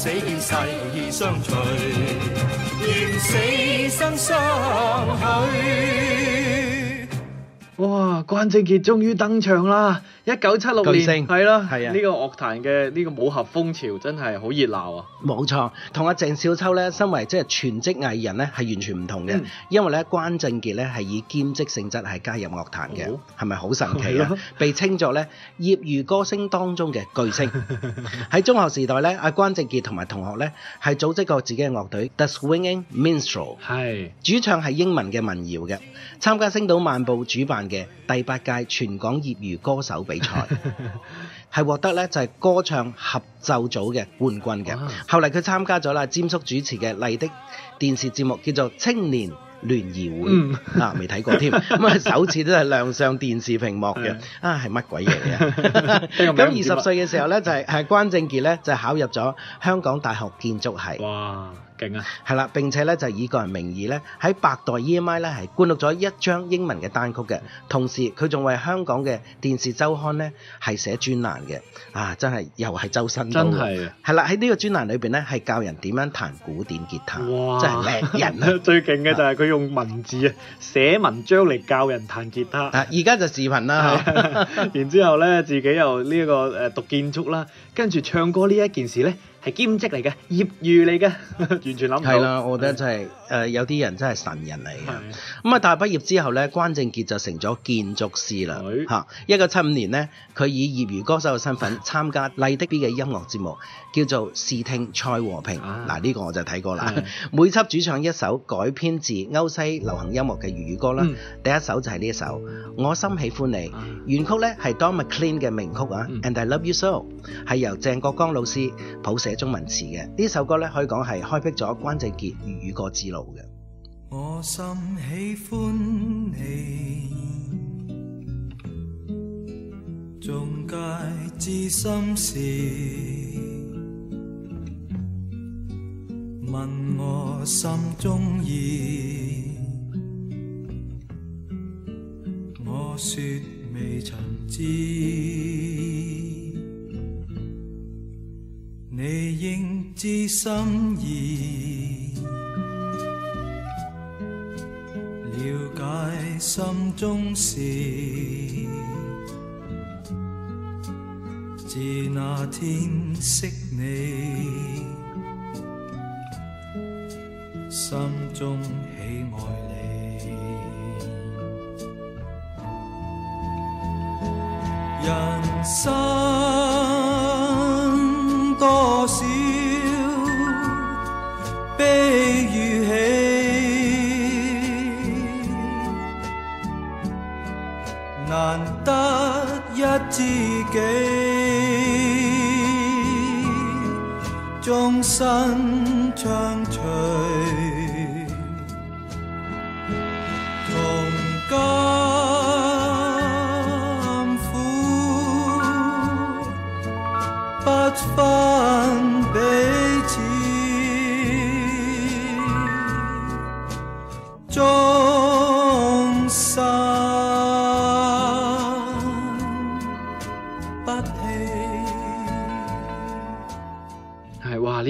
Speaker 3: 死世，相隨，願死生相
Speaker 2: 許。哇，關正傑終於登場啦！
Speaker 3: 一九七六年，係咯星，係了
Speaker 1: 啊，呢個樂壇嘅呢個武俠風潮真係好熱鬧啊！
Speaker 2: 冇錯，同阿鄭少秋咧，身為即係全職藝人咧，係完全唔同嘅。嗯、因為咧，關正傑咧係以兼職性質係加入樂壇嘅，係咪好神奇啊？被稱作咧業餘歌星當中嘅巨星。喺中學時代咧，阿關正傑同埋同學咧係組織過自己嘅樂隊 The Swinging Minstrel，係是主唱係英文嘅民謠嘅，參加星島晚報主辦嘅第八屆全港業餘歌手比。係獲 得咧就係歌唱合奏組嘅冠軍嘅，後嚟佢參加咗啦，詹叔主持嘅麗的電視節目叫做青年聯誼會，嗯、啊，未睇過添，咁啊首次都係亮相電視屏幕嘅，的啊係乜鬼嘢嚟？咁二十歲嘅時候咧就係、係、係關正傑咧就係、考入咗香港大學建築系。哇係啦、啊，並且咧就以個人名義咧喺百代 EMI 咧係灌錄咗一張英文嘅單曲嘅，同時佢仲為香港嘅電視週刊咧係寫專欄嘅，啊真係又係周身都、啊，係啦，喺呢個專欄裏邊咧係教人點樣彈古典吉他，真係哇叻人啦、啊， 最
Speaker 1: 勁嘅就係佢用文字寫文章嚟教人彈吉他。啊，而家就視頻啦， 然之後咧自己又呢一個誒讀
Speaker 2: 建築啦，跟住唱歌呢一件事咧。係兼職嚟嘅，業餘嚟嘅，完全諗唔到。係啦， 我覺得真係誒 有啲人真係神人嚟嘅。咁啊的，大學畢業之後咧，關正傑就成咗建築師啦。嚇的，一九七五年呢，佢以業餘歌手嘅身份參加麗的 B 嘅音樂節目，叫做視聽蔡和平。嗱，呢、啊、個我就睇過啦。 每輯主唱一首改編自歐西流行音樂嘅粵語歌啦。Mm. 第一首就係呢一首，我心喜歡你。Mm. 原曲咧係 Don McLean 嘅名曲啊，And I Love You So 係由鄭國江國老師譜寫中文詞嘅呢首歌咧，可以講係開闢咗關正傑粵語歌之路嘅。
Speaker 3: 我心喜歡你，總該知心事，問我心中意，我說未曾知。你應知心意，瞭解心中事。自那天識你，心中。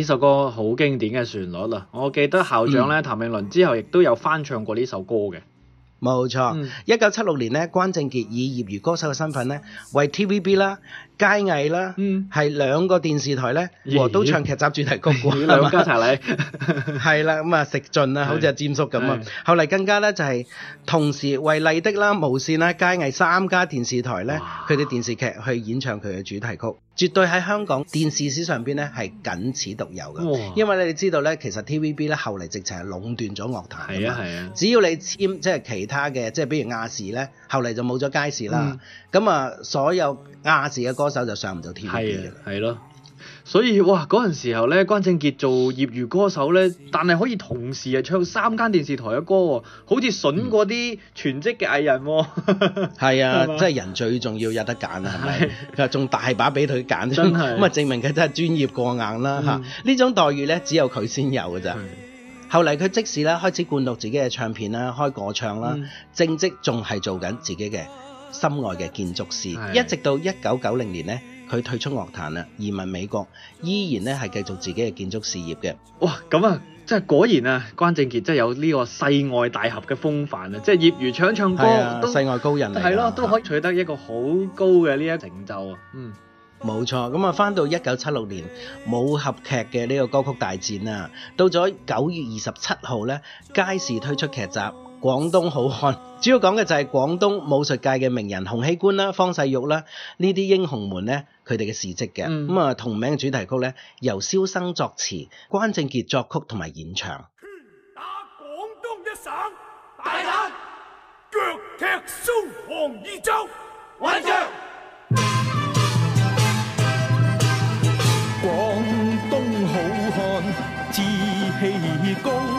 Speaker 1: 首歌好經典嘅旋律啦。我記得校長咧，譚詠麟之
Speaker 2: 後亦都有翻唱過呢首歌嘅錯。冇錯，一九七六年咧，關正傑以業餘歌手嘅身份咧，為 TVB 啦。嗯佳藝啦，係兩個電視台咧，都唱劇集主題曲嘅，係嘛？係啦，咁啊食盡啦，好似阿詹叔咁啊。後嚟更加咧就係同時為麗的啦、無線啦、佳藝三家電視台咧，佢哋電視劇去演唱佢嘅主題曲，絕對喺香港電視史上邊咧係僅此獨有嘅。因為咧，你知道咧，其實 T V B 咧後嚟直情係壟斷咗樂壇嘅嘛。係啊，係啊。只要你簽即係其他嘅，即係比如亞視咧，後嚟就冇咗佳視啦。咁啊，所有亞視嘅歌手就上唔到天嘅，係咯，所以哇嗰陣時候咧，關正傑做業餘歌手咧，
Speaker 1: 但係可以同時係唱三間電視台嘅歌喎，好似筍過啲全職嘅藝人。
Speaker 2: 係啊，真係人最重要有得揀啦，係咪？仲的大把俾佢揀，咁啊證明佢真係專業過硬啦吓。呢、嗯、種待遇咧，只有佢先有噶咋。的後嚟，佢即使咧開始灌錄自己嘅唱片啦，開過唱啦，嗯、正職仲係做緊自己嘅。心愛嘅建築師，一直到一九九零年呢，佢退出樂壇啦，移民美國，依然咧係繼續自己嘅建築事業嘅。哇，咁啊，即
Speaker 1: 係果然啊，關正傑真係有呢個世外大俠嘅風範啊！即係業餘唱唱歌，世
Speaker 2: 外高人係
Speaker 1: 咯，都可以取得一個好高嘅呢一成就啊。嗯，
Speaker 2: 冇錯。咁啊，翻到一九七六年武俠劇嘅呢個歌曲大戰啊，到咗九月二十七號呢，佳視推出劇集。廣東好漢，主要講嘅就係廣東武術界嘅名人洪熙官啦、方世玉啦呢啲英雄們咧，佢哋嘅事蹟嘅。咁啊、嗯，同名主題曲咧，由蕭生作詞，關正傑作曲同埋演唱。
Speaker 3: 拳打廣東一省大膽，大坦腳踢蘇杭二州，挽著廣東好漢志氣高。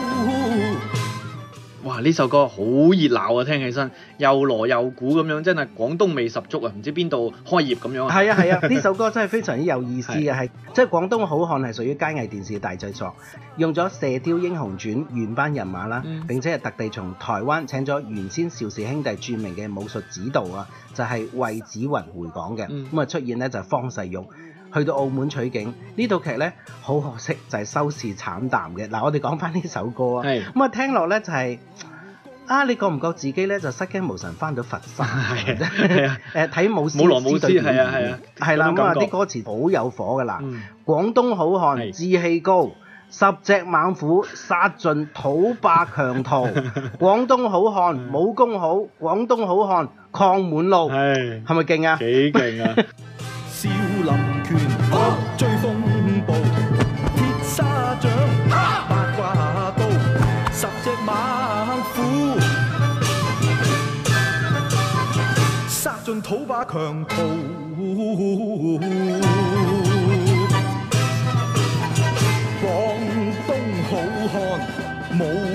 Speaker 1: 哇！呢首歌好熱鬧啊，聽起身又鑼又鼓咁樣，真係廣東味十足啊！唔知邊度開業咁樣啊？係啊係
Speaker 2: 啊！呢、啊、首歌真係非常之有意思嘅，係的即係廣東好漢係屬於佳藝電視大製作，用咗《射雕英雄傳》原班人馬啦，嗯、並且係特地從台灣請咗原先邵氏兄弟著名嘅武術指導啊，就係、是、衛子雲回港嘅，咁啊、嗯、出現呢，就係方世玉。去到澳門取景，呢套劇呢好可惜就係收視慘淡嘅。嗱，我哋講翻呢首歌啊，咁啊聽落呢就係啊，你覺唔覺自己呢就失驚無神翻到佛山係啊？誒睇武師，武羅武師係啊係啦。咁啊啲歌詞好有火噶啦，廣東好漢志氣高，十隻猛虎殺盡土霸強徒。廣東好漢武功好，廣東好漢闖滿路，係係咪勁啊？幾勁啊！少林拳，
Speaker 3: 惡追風步，鐵砂掌，八卦刀，十隻猛虎，殺盡土霸強徒。廣東好漢武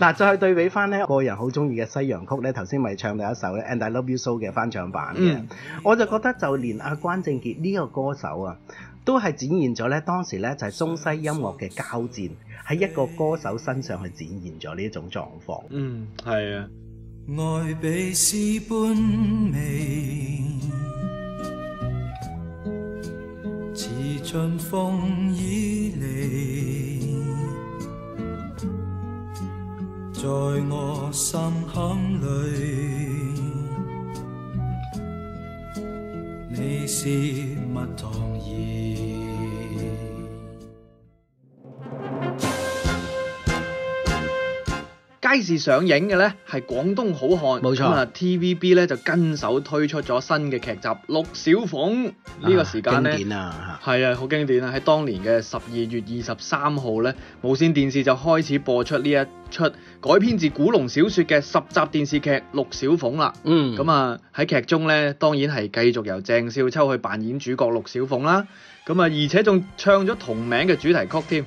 Speaker 2: 嗱，再去對比翻呢個人好中意嘅西洋曲呢，頭先咪唱第一首咧，《And I Love You So》嘅翻唱版，嗯，我就覺得就連阿關正傑呢個歌手啊，都係展現咗呢。當時呢，就係中西音樂嘅交戰喺一個歌手身上去展現咗呢一種狀況。
Speaker 3: 嗯，係啊。愛在我心坎裏，你是蜜糖甜。
Speaker 1: 街市上映嘅咧係《廣東好漢》錯，冇錯。咁 TVB 咧就跟手推出咗新嘅劇集《陸小鳳》呢、啊、個時間咧，係啊，好經典啊！喺當年嘅十二月二十三號咧，無線電視就開始播出呢一出改編自古龍小說嘅十集電視劇《陸小鳳》啦。嗯，咁啊喺劇中咧，當然係繼續由鄭少秋去扮演主角陸小鳳啦。咁啊，而且仲唱咗同名嘅主題曲添。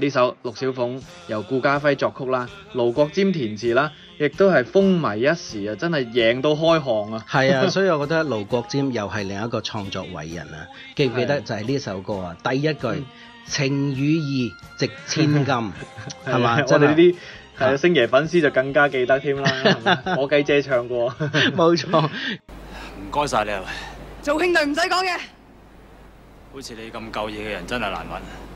Speaker 1: 呢首《陸小鳳》由顧嘉輝作曲啦，盧國沾填詞啦，亦都係風靡一時啊！真係贏到開行啊！係啊，所
Speaker 2: 以我覺得盧國沾又係另一個創作偉人啊！記唔記得就係呢首歌啊？第一句情與義值千金，係嘛？我哋呢啲
Speaker 1: 係星爺粉絲就更加記得添啦！火雞姐唱過，
Speaker 2: 冇錯。唔
Speaker 1: 該晒你啊！
Speaker 3: 做兄弟唔使講嘢。
Speaker 1: 好似你咁夠嘢嘅人真係難搵。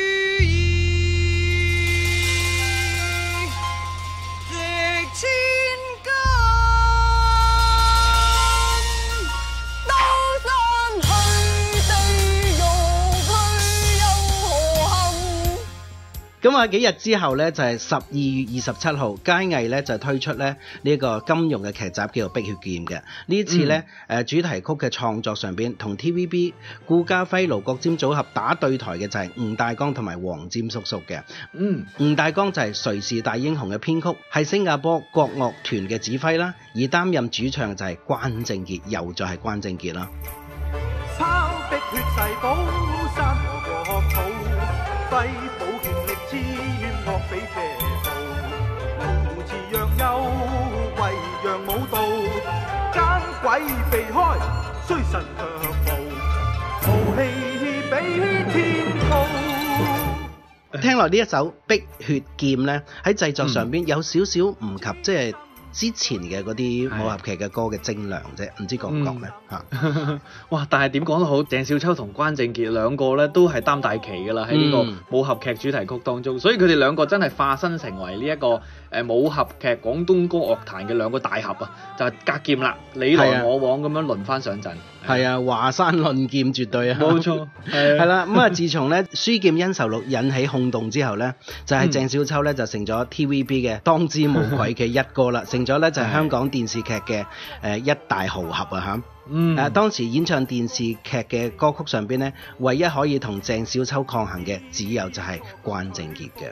Speaker 2: 咁啊！幾日之後呢，就係十二月二十七號，佳藝呢，就推出咧呢、這個金庸嘅劇集叫做《碧血劍》嘅。呢次呢，誒、嗯、主題曲嘅創作上邊，同 TVB 顧嘉輝盧國沾組合打對台嘅就係吳大江同埋黃霑叔叔嘅。嗯，吳大江就係《誰是大英雄》嘅編曲，係新加坡國樂團嘅指揮啦。而擔任主唱就係關正傑，又再係關正傑啦。 聽落呢一首《碧血劍》呢，喺製作上邊有少少唔及，即係之前嘅嗰啲武俠劇嘅歌嘅精良啫，唔知覺唔覺呢？吓？ 哇！
Speaker 1: 但係點講都好，鄭少秋同關正傑兩個呢都係擔大旗噶啦，喺呢個武俠劇主題曲當中，所以佢哋兩個真係化身成為呢、這、一個。誒武俠劇廣東歌樂壇嘅兩個大俠啊，就係、是、格劍啦，你來我往咁樣輪番上陣。
Speaker 2: 係啊，啊華山論劍絕對錯啊，冇錯，係啦。咁啊，自從咧《書劍恩仇錄》引起轟動之後咧，就係、是、鄭少秋咧就成咗 TVB 嘅當之無愧嘅一哥啦， 成咗咧就係、是、香港電視劇嘅誒一大豪俠啊吓， 嗯。誒、嗯嗯啊、當時演唱電視劇嘅歌曲上邊咧，唯一,一可以同鄭少秋抗衡嘅，只有就係關正傑嘅。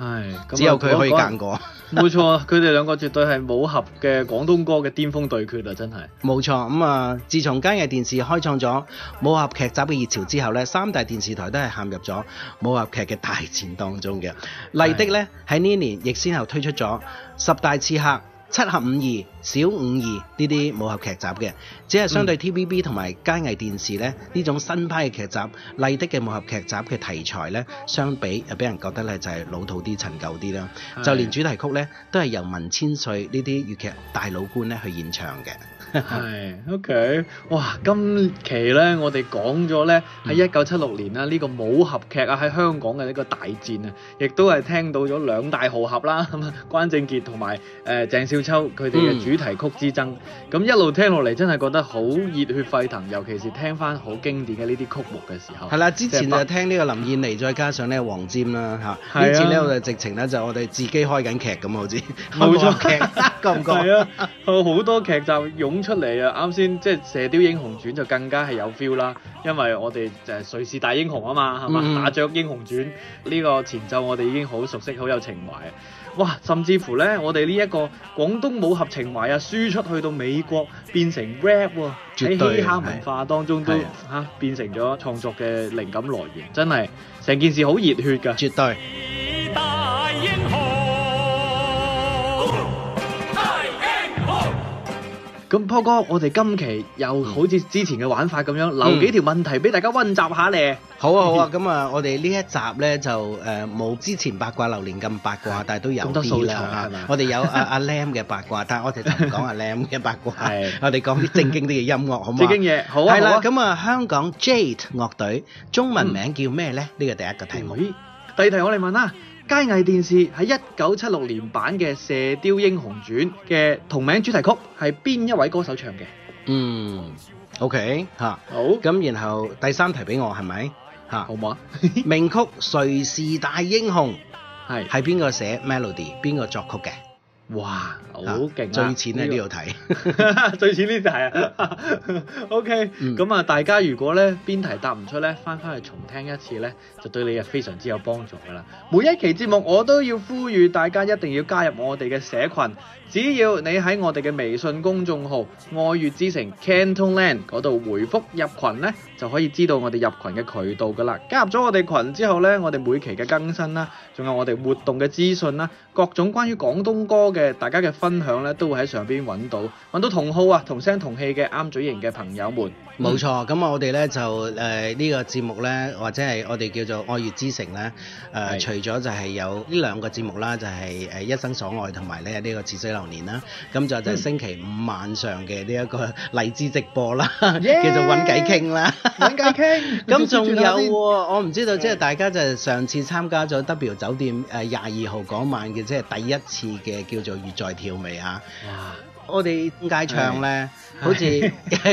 Speaker 3: 係，哎嗯、只有佢可以揀
Speaker 2: 過，
Speaker 1: 冇、嗯、錯，佢哋兩個絕對係武俠嘅廣東歌嘅巔峰對決啦，真係
Speaker 2: 冇錯。咁、嗯、啊，自從佳視電視開創咗武俠劇集嘅熱潮之後呢，三大電視台都係陷入咗武俠劇嘅大戰當中嘅。麗的呢，喺呢一年亦先後推出咗《十大刺客》。七俠五義、小五義呢啲武俠劇集嘅，只係相對 TVB 同埋佳藝電視咧呢種新派嘅劇集、麗的嘅武俠劇集嘅題材咧，相比就俾人覺得咧就係老土啲、陳舊啲啦。的就連主題曲咧，都係由文千歲呢啲粵劇大老倌咧去演唱嘅。
Speaker 1: 係 ，OK，哇！今期咧，我哋講咗咧喺一九七六年啦，呢、這個武俠劇啊，喺香港嘅呢個大戰啊，亦都係聽到咗兩大豪俠啦，關正傑同埋誒鄭少秋佢哋嘅主題曲之爭，咁、嗯嗯、一路聽落嚟真係覺得好熱血沸騰，尤其是聽翻好經典嘅呢啲曲目嘅時候。係啦，之前就
Speaker 2: 聽呢個林燕妮，再加上咧黃沾啦，吓。係啊。之前咧我直就直情咧就我哋自己開緊劇咁，好似冇咗錯，夠唔夠啊？好多劇就。涌。嗯 出嚟啊！
Speaker 1: 啱先即係《射雕英雄傳》就更加係有 feel 啦，因為我哋就係《誰是大英雄》啊嘛，係嘛、嗯《打雀英雄傳》呢、這個前奏我哋已經好熟悉、好有情懷啊！哇，甚至乎咧，我哋呢一個廣東武俠情懷啊，輸出去到美國變成 rap 喎對，
Speaker 3: 喺嘻哈文
Speaker 1: 化當中都嚇對對變成咗創作嘅靈感來源，真係成件事好熱血噶！絕對。 咁波哥，我哋今
Speaker 2: 期又好似之前嘅玩法咁樣，留幾條問題俾大家溫習下咧。好啊，好啊，咁啊，我哋呢一集咧就誒，冇之前八卦流年咁八卦，但係都有啲啦。我哋有阿阿 Lam 嘅八卦，但係我哋就唔講阿 Lam 嘅八卦。我哋講啲正經啲嘅音樂好唔好？正經嘢好啊。係啦，咁啊，香港 Jade 樂隊中文名叫咩咧？呢個第一個題目。咦？第二題我嚟問啦。佳藝電視喺一九七六年版嘅《射
Speaker 1: 雕英雄傳》嘅同名主題曲係邊一位歌手唱嘅？
Speaker 2: 嗯，OK 吓，好。咁然後第三題俾我係咪？吓好嗎，好唔好啊？名曲《誰是大英雄》係係邊個是寫 melody，邊個作曲嘅？哇，好勁啊！最淺呢度睇，最淺呢度睇啊。
Speaker 1: OK，咁啊，大家如果咧邊題答唔出咧，翻返去重聽一次咧，就對你係非常之有幫助噶啦。每一期節目我都要呼籲大家一定要加入我哋嘅社群。只要你喺我哋嘅微信公眾號愛粵之城 CantonLand 度回覆入群咧，就可以知道我哋入群嘅渠道噶啦。加入咗我哋群之後咧，我哋每期嘅更新啦，仲有我哋活動嘅資訊啦，各種關於廣東歌嘅大家嘅分享咧，都會喺上邊揾到，揾到同好啊、同聲同氣嘅啱嘴型嘅朋友們。
Speaker 2: 冇錯、嗯，咁我哋咧就誒、呃這個、呢個節目咧，或者係我哋叫做愛粵之城咧，誒、呃、的除咗就係有呢兩個節目啦，就係、是、誒一生所愛同埋咧呢、這個似水流年啦。年啦，咁、嗯、就就係星期五晚上嘅呢一個荔枝直播啦，叫做揾偈傾啦，揾咁仲有、啊、 我唔知道，即係 大家就係上次參加咗 W 酒店誒廿二號嗰晚嘅，即係第一次嘅叫做粵再跳味嚇。 我哋街唱咧，是好似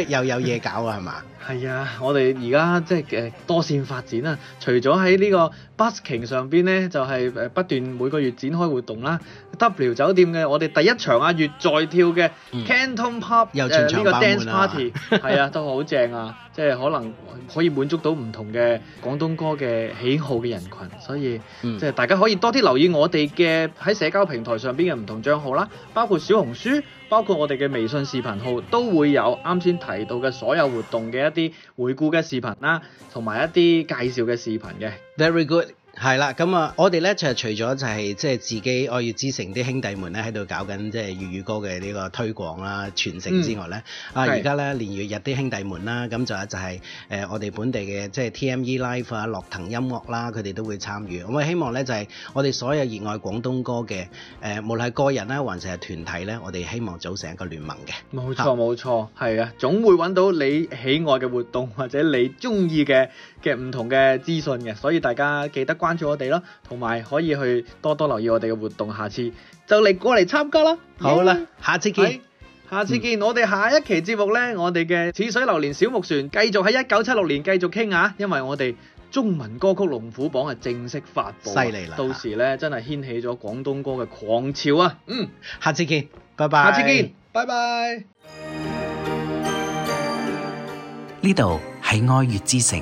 Speaker 2: 又有嘢搞啊，係嘛 吧？係啊，我哋而家即係誒、呃、多線發展啊。
Speaker 1: 除咗喺呢個 busking 上邊咧，就係、是、誒不斷每個月展開活動啦、啊。W 酒店嘅我哋第一場啊，月在跳嘅 Canton Pop、嗯、又誒呢、呃這個 dance party 係啊， 啊，都好正啊！即係可能可以滿足到唔同嘅廣東歌嘅喜好嘅人群，所以即係、嗯、大家可以多啲留意我哋嘅喺社交平台上邊嘅唔同帳號啦、啊，包括小紅書。 包括我哋嘅微信視頻號，都會有啱先提到嘅所有活動嘅一啲回顧嘅視頻啦，同埋一啲介紹嘅視頻嘅。
Speaker 2: Very good. 係啦，咁啊，我哋咧就係除咗就係即係自己愛粵之城啲兄弟們咧喺度搞緊即係粵語歌嘅呢個推廣啦、傳承之外咧，啊而家咧年月日啲兄弟們啦，咁就係就係、是、誒、呃、我哋本地嘅即係 TME Live 啊、樂騰音樂啦，佢哋都會參與。我希望咧就係、是、我哋所有熱愛廣東歌嘅誒、呃，無論係個人啦，還是係團體咧，我哋希望組成一個聯盟嘅。冇錯，冇、啊、錯，
Speaker 1: 係啊，總會揾到你喜愛嘅活動或者你中意嘅。嘅唔同嘅資訊嘅，所以大家記得關注我哋咯，同埋可以去多多留意我哋嘅活動，下次就嚟過嚟參加啦。Yeah! 好啦，下次見，哎、下次見。嗯、我哋下一期節目呢，我哋嘅《似水流年小木船》繼續喺一九七六年繼續傾下，因為我哋中文歌曲龍虎榜係正式發布，犀利啦！到時呢，真係掀起咗廣東歌嘅狂潮啊！嗯，
Speaker 2: 下次見，拜拜。下次見，
Speaker 1: 拜拜。
Speaker 2: 呢度係愛粵之城。